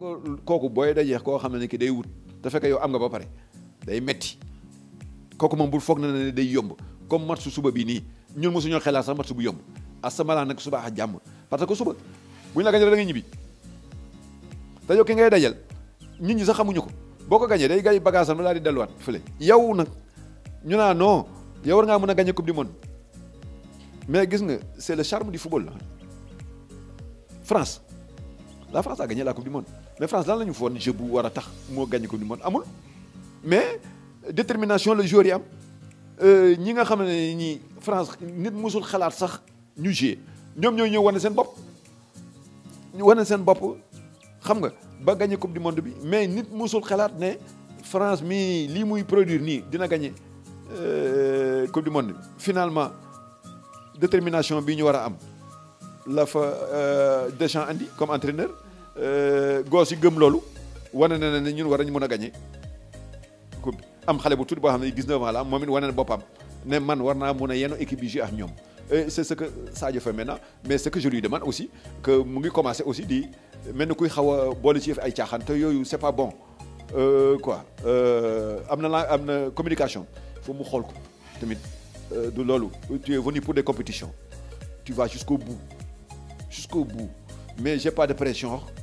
nga kooku booy dajeex koo xam ki day wut da fekk yow am nga ba paré day metti koku mom bul fogg na né day yomb comme match suba bi ni ñun ñu xelaat sax match bu yomb asamala nak suba ha jamm parce que suba buñ la gañee da nga ñibi da yo ki ngay dajal ñun ñi sax xamuñu ko boko ko day gay bagage am la di wat fele yow nak ñu na non yow war nga mëna coupe du monde mais gis nga c'est le charme du football France la France a gagné la coupe du monde mais France lan la ñu foon jeu bu war tax moo gagné ko du monde amul mais détermination le joueur ni am euh, ñi nga xam ni France nit musul xalaat sax ñu jouer ñoom ñoo ñëw wane seen bopp ñu pas seen bop xam nga ba gagné coupe du monde bi mais nit musul xalaat ne France mi li muy produire ni dina gagné euh, coupe du monde finalement détermination bi ñu wara am la fa euh, Deschamps andi comme entraîneur euh, goos yi gëm loolu wane na ne ñun war nañu mën gagné coupe am xale bu tuuti boo xam 19 ans la am moom it wane ne man war naa yeno a yenn équipe bi ak ñoom et c'est ce que Sadio fait maintenant mais ce que je lui demande aussi que mu ngi commencé aussi di mel ni kuy xaw a boole ci ay caaxaan te c'est pas bon Euh, quoi euh, am na la am na communication faut mu xool ko tamit euh, du loolu tu es venu pour des compétitions tu vas jusqu'au bout jusqu'au bout mais j'ai pas de pression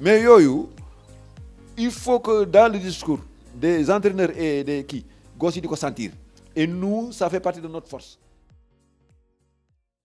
mais il faut que dans le discours des entraîneurs et des qui, gosses diko et nous ça fait partie de notre force